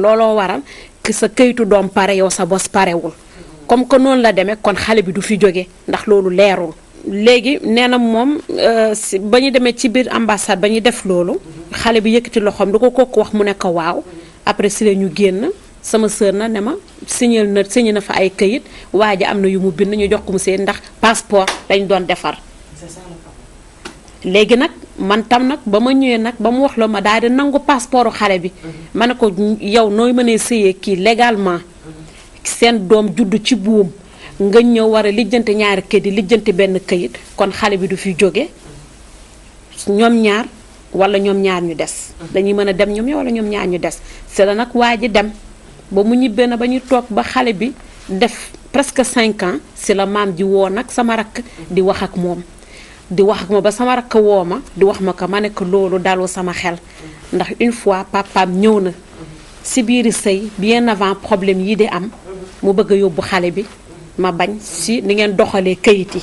looloo waral sa këyitu doom pare yow sa bos parewul comme que noonu la demee kon xale bi du fi jóge ndax loolu leerul léegi nee na moom euh, ba ñu demee ci biir ambassade ba ñu def loolu xale bi yëkkati loxoom du ko kooku wax mu ne ko waaw après si la ñu génn sama sœur na ne ma signé na signé na fa ay këyit waa ji am na yu mu bind ñu jox ko mu seen ndax passeport dañ doon defar léegi nag man tam nag ba ma ñëwee nag ba mu wax la ma daal di nangu passeportu xale bi mhm. ma ne ko yow nooy mënee sëyee kii légalement mhm. seen doom juddu ci buum nga ñëw war a lijjanti ñaari kayit yi lijjanti benn kayit kon xale bi du fi jóge ñoom ñaar wala ñoom ñaar ñu des mhm. dañuy mën a dem ñoom wala ñoom ñaar ñu des c'est la nag waa ji dem ba mu ñibbee na ba ñu toog ba xale bi def presque cinq ans si la maam ji woo nag sama rakk di wax ak moom di wax ma ba sama rakk woo ma di wax ma ko ma nekk ko loolu dalu sama xel ndax une fois papaam ñëw na si biiri sëy bien avant problème yi di am mu bëgg a yóbbu xale bi ma bañ si ni ngeen doxalee kayit yi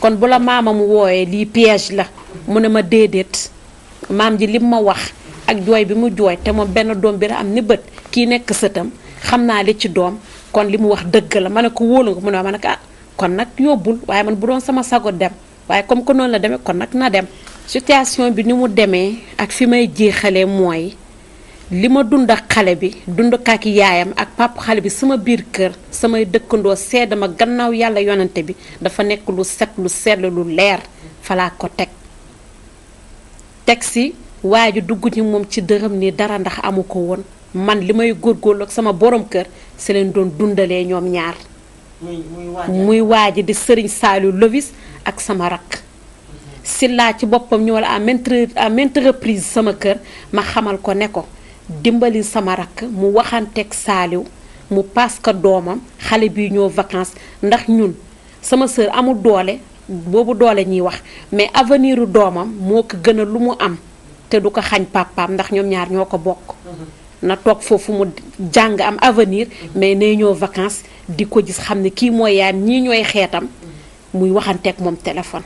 kon bu la maama mu wooyee lii piège la mu ne ma déedéet maam ji lim ma wax ak jooy bi mu jooy te moom benn doom bi la am ni bët kii nekk sëtam xam naa li ci doom kon li mu wax dëgg la ma ne ko wóolu nga mu ne ma ne ko ah kon nag yóbbul waaye man bu doon sama sago dem waaye comme que noonu la demee kon nag na dem. situation bi ni mu demee ak fi may jeexalee mooy li ma dund ak xale bi dund ak yaayam ak papa xale bi sama biir kër samay dëkkandoo sedd ma gannaaw yàlla yonante bi dafa nekk lu set lu sell lu leer falaa ko teg teg si waa ji dugg ci moom ci dërëm ni dara ndax amu ko woon man li may góorgóorlu ak sama borom kër si leen doon dundalee ñoom ñaar muy waaji di sëriñ Saliou Lovis ak sama rakk Silla ci boppam ñoo la à maintes à maintes sama kër ma xamal ko ne ko dimbali sama rakk mu waxanteeg Saliou mu paas ko doomam xale bii ñoo vacances ndax ñun sama sœur amul doole boobu doole ñuy wax mais aveniru doomam moo ko gën a lu mu am te du ko xañ papaam ndax ñoom ñaar ñoo ko bokk mm-hmm. na toog foofu mu jàng am avenir mm-hmm. mais nee ñoo vacances di ko gis xam ne kii mooy yaayam ñii ñooy xeetam muy waxanteeg moom téléphone.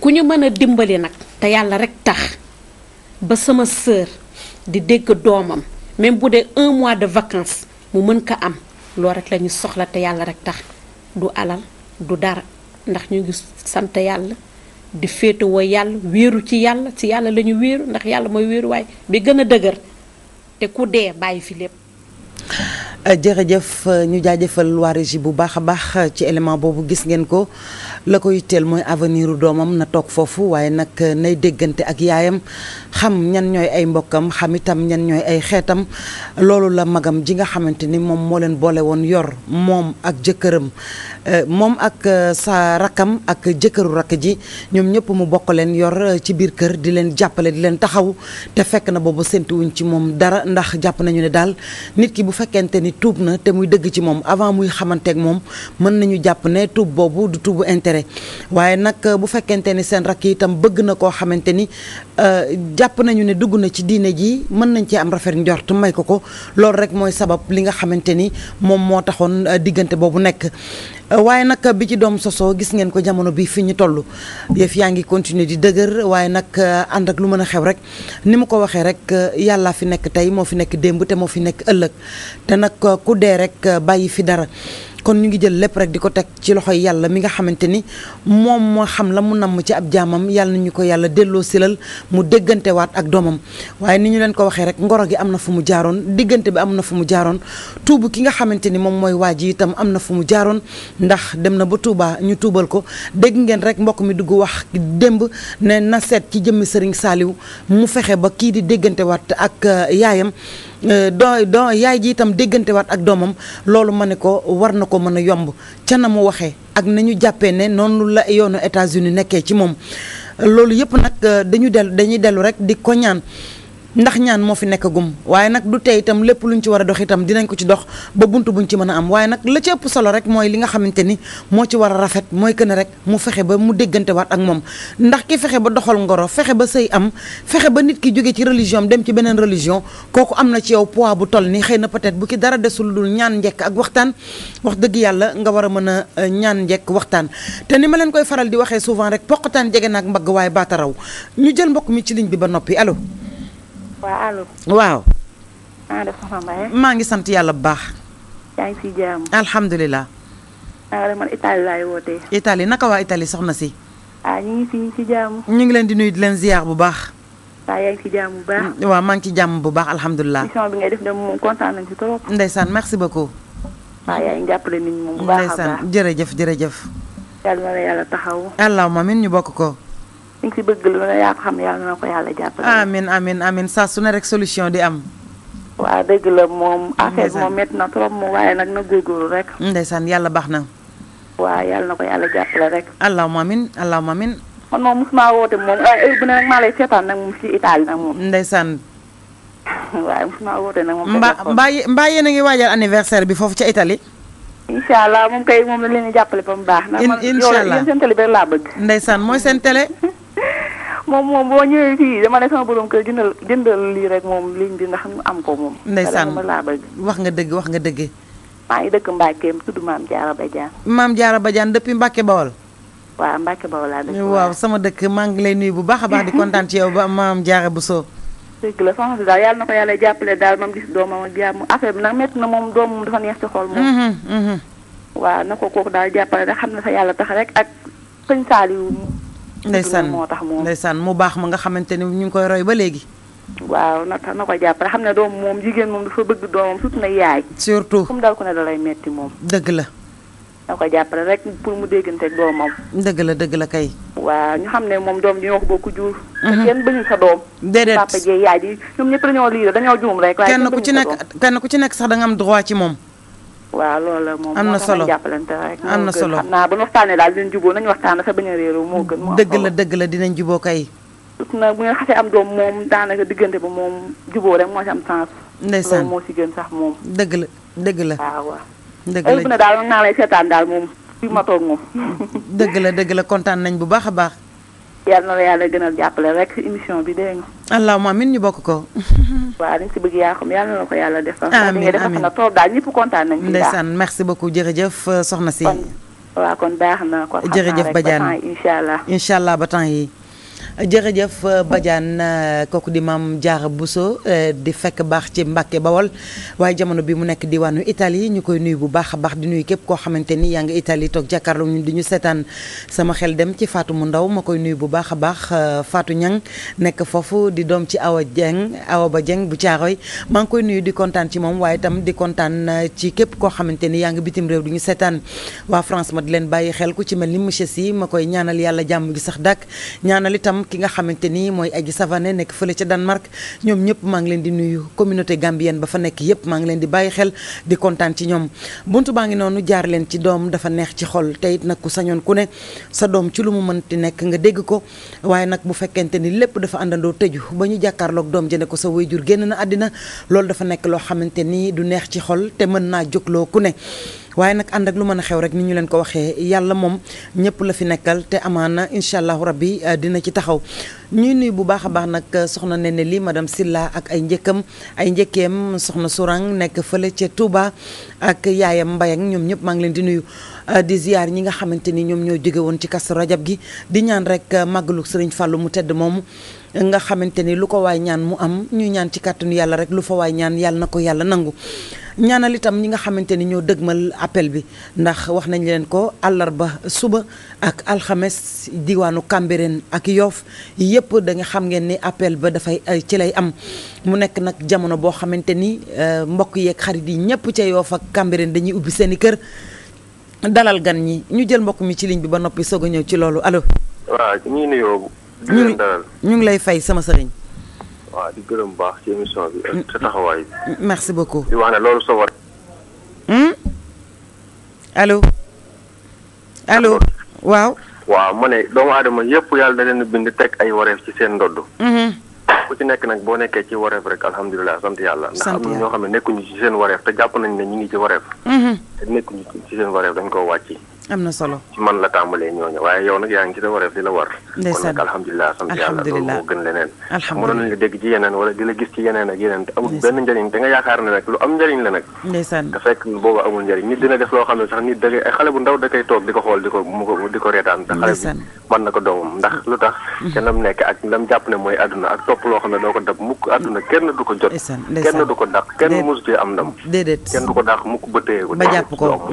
ku ñu mën a dimbali nag te yàlla rek tax ba sama sœur di dégg doomam même bu dee un mois de vacances mu mën ko am loolu rek la soxla te yàlla rek tax du alal du dara ndax ñu ngi sant yàlla di féetewoo yàlla wéeru ci yàlla ci yàlla la ñu wéeru ndax yàlla mooy wéeruwaay bi gën a dëgër te ku dee bàyyi fi lépp. Euh, jërëjëf euh, ñu jaajëfal waa régie bu baax a baax euh, ci élément boobu gis ngeen ko la koy teel mooy avenir doomam na toog foofu waaye nag nay déggante ak yaayam xam ñan ñooy ay mbokkam xam itam ñan ñooy ay xeetam loolu la magam ji nga xamante ni moom moo leen boole woon yor moom ak jëkkëram moom ak sa rakkam ak jëkkëru rakk ji ñoom ñëpp mu bokk leen yor ci biir kër di leen jàppale di leen taxaw te fekk na boobu séntuwuñ ci moom dara ndax jàpp nañu ne daal tuub na te muy dëgg ci moom avant muy xamanteeg moom mën nañu jàpp ne tuub boobu du tuubu intérêt waaye nag euh, bu fekkente ni seen rakk itam bëgg na koo xamante ni euh, jàpp nañu ne dugg na ci diine ji mën nañ cee am rafet njort may ko ko loolu rek mooy sabab li nga xamante ni moom moo taxoon euh, diggante boobu nekk waaye nag bi ci doom sosoo gis ngeen ko jamono bi fi ñu toll yëf yaa ngi continuer di dëgër waaye nag uh, ànd ak lu mën a xew rek ni mu ko waxee rek uh, yàllaa fi nekk tey moo fi nekk démb te moo fi nekk ëllëg te nag uh, ku dee rek bàyyi fi dara kon ñu ngi jël lépp rek di ko teg ci loxoy yàlla mi nga xamante ni moom moo xam la mu namm ci ab jàmmam yàlla na ñu ko yàlla delloo silal mu déggantewaat ak doomam waaye ni ñu leen ko waxee rek ngoro gi am na fu mu jaaroon diggante bi am na fu mu jaaroon tuubu ki nga xamante ni moom mooy waa ji itam am na fu mu jaaroon ndax dem na ba Touba ñu tuubal ko dégg ngeen rek mbokk mi dugg wax démb ne na seet ci jëmmi sëriñ Saaliw mu fexe ba kii di déggantewaat ak euh, yaayam don euh, don yaay ji itam déggante waat ak doomam loolu ma ne ko war na ko mën a yomb ca na mu waxee ak na ñu jàppee ne noonu la yoonu États-Unis nekkee ci moom loolu yëpp nag euh, dañu dellu dañuy dellu rek di ko ñaan ndax ñaan moo fi nekk gum waaye nag du tey itam lépp luñ ci war a dox itam dinañ ko ci dox ba bunt buñ ci mën a am waaye nag la ci ëpp solo rek mooy li nga xamante ni moo ci war a rafet mooy que ne rek mu fexe ba mu déggante waat ak moom ndax ki fexe ba doxal ngoro fexe ba sëy am fexe ba nit ki jóge ci religion am dem ci beneen religion kooku am na ci yow poids bu toll ni xëy na peut-être bu ki dara desul dul ñaan njekk ak waxtaan wax dëgg yàlla nga war a mën a euh, ñaan njekk waxtaan te ni ma leen koy faral di waxee souvent rek poqataan jege naag mbagg waaye baataraw ñu jël mbokk mi ci ligne bi ba noppi allo waaw waaw. maa ngi sant yàlla bu baax. yaa ngi si jàmm. alhamdulilah. maa man Italie laay wootee. Italie naka waa Italie soxna si. Ah, ñu ngi leen di nuyu di leen ziar bu baax. waaw bu baax. Mm, waaw maa ngi ci jàmm bu baax alhamdulilah. émission bi kontaan nañ si trop. ndeysaan merci beaucoup. waaw yaa ngi jàppale nit moom bu baax a baax yàlla na la yàlla taxaw. ñu bokk ko. li nga bëgg lu ne yaa ko xam yàlla na ko yàlla jàppale. amiin amiin amiin saa su ne rek solution di am. waa dëgg la moom. affaire bi moom métti na trop mu waaye nag na góorgóorlu rek. ndeysaan yàlla baax na. waa yàlla na ko yàlla jàppale rek. allahumma amiin allahumma amiin. man moom mosuma woote moom heure bu ne nag maa lay seetaan nag moom si Italie nag moom. ndeysaan. waaye mosuma woote nag moom. mbaa mbaa mbaa yéen a ngi waajal anniversaire bi foofu ca Italie. incha allah moom kay moom la leen jàppale ba mu moom moom boo ñëwee fii dama ne sama borom kër jëndal jëndal lii rek moom ligne bi ndax am ko moom. ndeysaan laa bëgg. wax nga dëgg wax nga dëgg. maa ngi dëkk Mbacke tudd Maam Diarra Badiane. Maam Diarra Badiane depuis Mbacke Bawol. waaw Mbacke Bawol laa dëkk. waaw sama dëkk maa ngi lay nuyu bu baax a baax di kontaan ci ba Maam Diarra Bousso. dëgg la soxna si yàlla na ko yàlla jàppale daal moom gis doomam ak jàmm affaire bi nag métti na moom doomam dafa neex ci xol moom. Mhm, mhm. waaw na ko kooku na sa yàlla tax rek ak sëñ Saliou san moo tax moom san mu baax ma nga xamante ni ñu ngi koy roy ba léegi waaw na na ko jàppale xam ne doom moom jigéen moom dafa bëgg doom surtout na yaay surtout comme dal ko ne dalay metti moom dëgg la na ko jàppale rek pour mu déggante doomam dëgg la dëgg la kay waaw ñu xam ne moom doom ñoo ko bokk jur mhm. kenn bañu sa doom déedéet papa jee yaay ji ñoom ñëpp dañoo lii dañoo juum rek waaye kenn ku ci nekk kenn ku ci nekk sax da nga am ci moom waaw loolu la moom am na solo jàppalante rek am na solo xam naa bu ñu waxtaanee daal dinañ juboo nañu waxtaan dafa bañ a réeroo moo gën moo dëgg la dëgg la dinañ juboo kay nag bu am doom moom daanaka diggante bi moom juboo rek moo ci am sens ndeysaan la dëgg la waaw waaw dëgg la bu ne daal naa lay seetaan daal moom fi ma toog moom dëgg la dëgg la kontaan nañ bu baax a baax yàlla na la yàlla gënal jàppale rek émission bi dégg nga. allahumma amiin ñu bokk ko. waaw dañ si bëgg yaa xam yàlla na la ko yàlla defal. amiin amiin nga tool daal ñëpp kontaan nañ ci ndeysaan merci beaucoup jëf euh, soxna si. waaw kon baax na. kon jërëjëf Badiane incha allah incha allah ba temps yi jërëjëf euh, Badiane euh, kooku di maam Diarra Bousso euh, di fekk baax ci Mbàkke Bawol waaye jamono bi mu nekk diwaanu Italie ñu koy nuyu bu baax a baax di nuyu képp koo xamante ni yaa ngi Italie toog di ñu seetaan sama xel dem ci Fatou mu ndaw ma koy nuyu bu baax a baax Fatou Niang nekk foofu di doom ci Awa Dieng Awa Ba Dieng bu Caaroy maa ngi koy nuyu di kontaan ci moom waaye itam di kontaan ci képp koo xamante ni yaa ngi bitim réew di ñu seetaan waa France ma di leen bàyyi xel ko ci mel ni monsieur Sy ma koy ñaanal yàlla jàmm gi sax dàkk ñaanal itam ki nga xamante nii mooy Adji Savané nekk fële ca Danemark ñoom ñëpp maa ngi leen di nuyu communauté gambienne ba fa nekk yëpp maa ngi leen di bàyyi xel di kontaan ci ñoom buntu baa ngi noonu jaar leen ci doom dafa neex ci xol te it nag ku ñoon ku ne sa doom ci lu mu mën di nekk nga dégg ko waaye nag bu fekkente ni lépp dafa àndandoo tëju ba ñu jàkkaarloog doom jëne ko sa wayjur génn na àddina loolu dafa nekk loo xamante nii du neex ci xol te mën naa jógloo ku ne waaye nag ànd ak lu mën a xew rek ni ñu leen ko waxee yàlla moom ñëpp la fi nekkal te amaana incha allahu rabbi euh, dina ci taxaw ñu nuyu bu baax a baax nag euh, soxna ne ne li madame Silla ak ay njëkkam ay njëkkeem soxna Sourang nekk fële ca Touba ak yaayam mbayan ñoom ñëpp maa ngi leen di nuyu euh, di ñi nga xamante ni ñoom ñoo jóge woon ci kasu rajab gi di ñaan rek màggalu sëriñ Fàllu mu tedd moom nga xamante ni lu ko waay ñaan mu am ñuy ñaan ci kàttanu yàlla rek lu fa ñaan yàlla na ko yàlla nangu ñaanal itam ñi nga xamante ni ñoo dëgmal appel bi ndax wax nañ leen ko àllarba suba ak alxames diwaanu Cambérène ak Yoff yëpp da nga xam ngeen ni appel ba dafay ci lay am mu nekk nag jamono boo xamante ni euh, mbokk yeeg xarit yi ñëpp cee Yoff ak Cambérène dañuy ubbi seeni kër dalal gan ñi ñu jël mbokk mi ci ligne bi ba noppi soog a ñëw ci loolu alo waaw ñu ngi lay fay sama sëriñ. waaw di gërëm bu baax ci émission bi. ak sa taxawaay bi. merci beaucoup. di wax ne loolu sa war. Hmm? waaw. waaw ma ne doomu aadama yëpp yàlla da leen bind teg ay wareef ci seen ndodd. Hmm. ku ci nekk nag boo nekkee ci wareef rek alhamdulilah sant yàlla. ndax am ñoo xam ne nekkuñu ci seen wareef te jàpp nañ ne ñu ngi ci wareef. Hmm. te nekkuñu ci seen wareef dañ koo wàcc. am na solo man la tàmbalee ñooñu waaye yow nag yaa ngi ci da wareef li la war kon nag alhamdulilah sant moo gën leneen mënoon nañ la dégg ci yeneen wala di gis ci yeneen ak yeneen te amul benn njëriñ da nga yaakaar ne nag lu am njëriñ la nag ndeysaan te fekk boobu amul njëriñ nit dina def loo xam ne sax nit da ngay ay xale bu ndaw da koy toog di ko xool di ko mu ko di ko xale bi mën na ko doomam ndax lu tax te mm-hmm. lam nekk ak lam jàpp ne mooy àdduna ak topp loo xam ne doo ko dab mukk àdduna kenn du ko jot kenn du ko dàq kenn mosu ci am ndam déedéet kenn du ko dàq mukk ko ko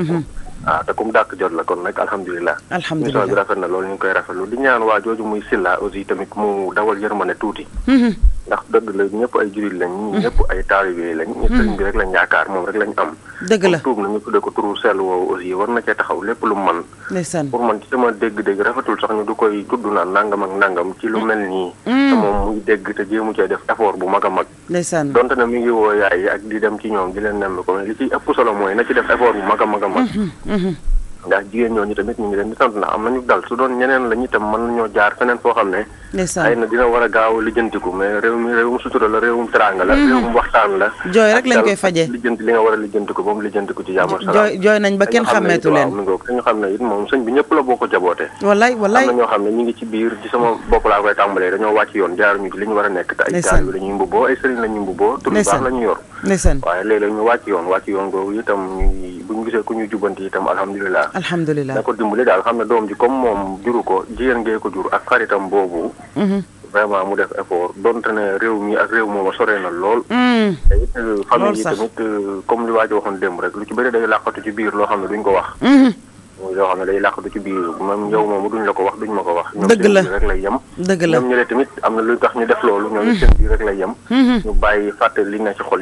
waaw ah, te kum dàkk jot la kon nag alhamdulilah. alhamdulilah émission bi rafet na loolu ñu ngi koy rafetlu di ñaan waa jooju muy Silla aussi tamit mu dawal yërmande tuuti. Mhm. ndax dëgg la ñëpp ay jullit lañ. Mhm. ñëpp ay taalibe lañ. Mhm. rek lañ yaakaar moom rek lañ am. dëgg la tuub na ñu tuddee ko turu sell woowu aussi war na cee taxaw lépp lu man ndeysaan pour man ci sama dégg-dégg rafetul sax ñu du koy tudd naan nangam ak nangam ci lu mel nii. Mhm. te moom muy dégg te jéemu cee def effort bu mag a mag. ndeysaan donte na mi ngi woo yaay ak di dem ci ñoom di leen nemmi ko li ci ëpp solo mooy na ci def effort bu mag a mag a mag. ndax jigéen ñooñu tamit ñu ngi leen di sant ndax am nañu dal su doon ñeneen la ñu itam mën jaar feneen foo xam ne. dina war a gaaw a lijjantiku mais réew mi réewum sutura la réewum teraanga la. Mhm. réewum waxtaan la. jooy rek lañ koy war a lijjantiku moom lijjantiku ci jàmm ak salaam. jooy jooy nañ ba kenn ñu xam ne it moom sëñ bi ñëpp la boo ko jabootee. wallaay wallaay am na ñoo xam ne ñu ngi ci biir ci sama bopp laa koy tàmbalee dañoo wàcc yoon jaar ci li ñu war a nekk te ay jaar la ñuy mbubboo ay sëriñ la mbubboo tur baax la ñu yor ndeysaan waaye léeg-léeg ñu wàcc yoon wàcc yoon googu itam ñu bu ñu gisee ku ñu jubanti itam alhamdulilah alhamdulilah da ko dimbali daal xam ne doom ji comme moom juru ko jigéen ngee ko jur ak xaritam boobu mm-hmm. vraiment mu def effort dont ne réew mi ak réew mooma soree na lool mm. te sax euh, famille yi euh, comme li waa waxoon démb rek lu ci bëri day làqatu ci biir loo xam ne duñ ko wax mm-hmm. yoo xam ne day làqatu ci biir même yow moomu duñ la ko wax duñ ma ko wax. dëgg la ñoom seen biir dëgg la ñoom ñu ne tamit am na luy tax ñu def loolu. ñoom mm-hmm. seen biir rek lay yem. Mm-hmm. ñu bàyyi fàtte li ne ci xol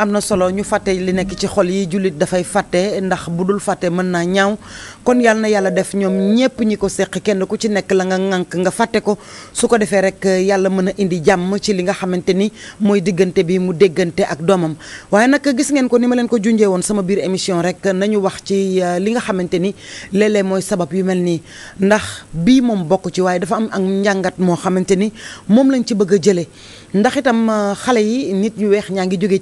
am na solo ñu fàtte li nekk ci xol yi jullit dafay fàtte ndax bu dul fàtte mën naa ñaaw kon yal na yàlla def ñoom ñépp ñi ko seq kenn ku ci nekk la nga ŋànk nga fàtte ko su ko defee rek eh, yàlla mën a indi jàmm ci li nga xamante ni mooy diggante bi mu déggante ak doomam waaye nag gis ngeen ko ni ma leen ko junjee woon sama biir émission rek nañu wax ci eh, li nga xamante ni léeg mooy sabab yu mel nii ndax bii moom bokk ci waaye dafa am ak njàngat moo xamante ni moom lañ ci bëgg a jëlee ndax itam eh, xale yi nit ñu weex ñaa ngi jóge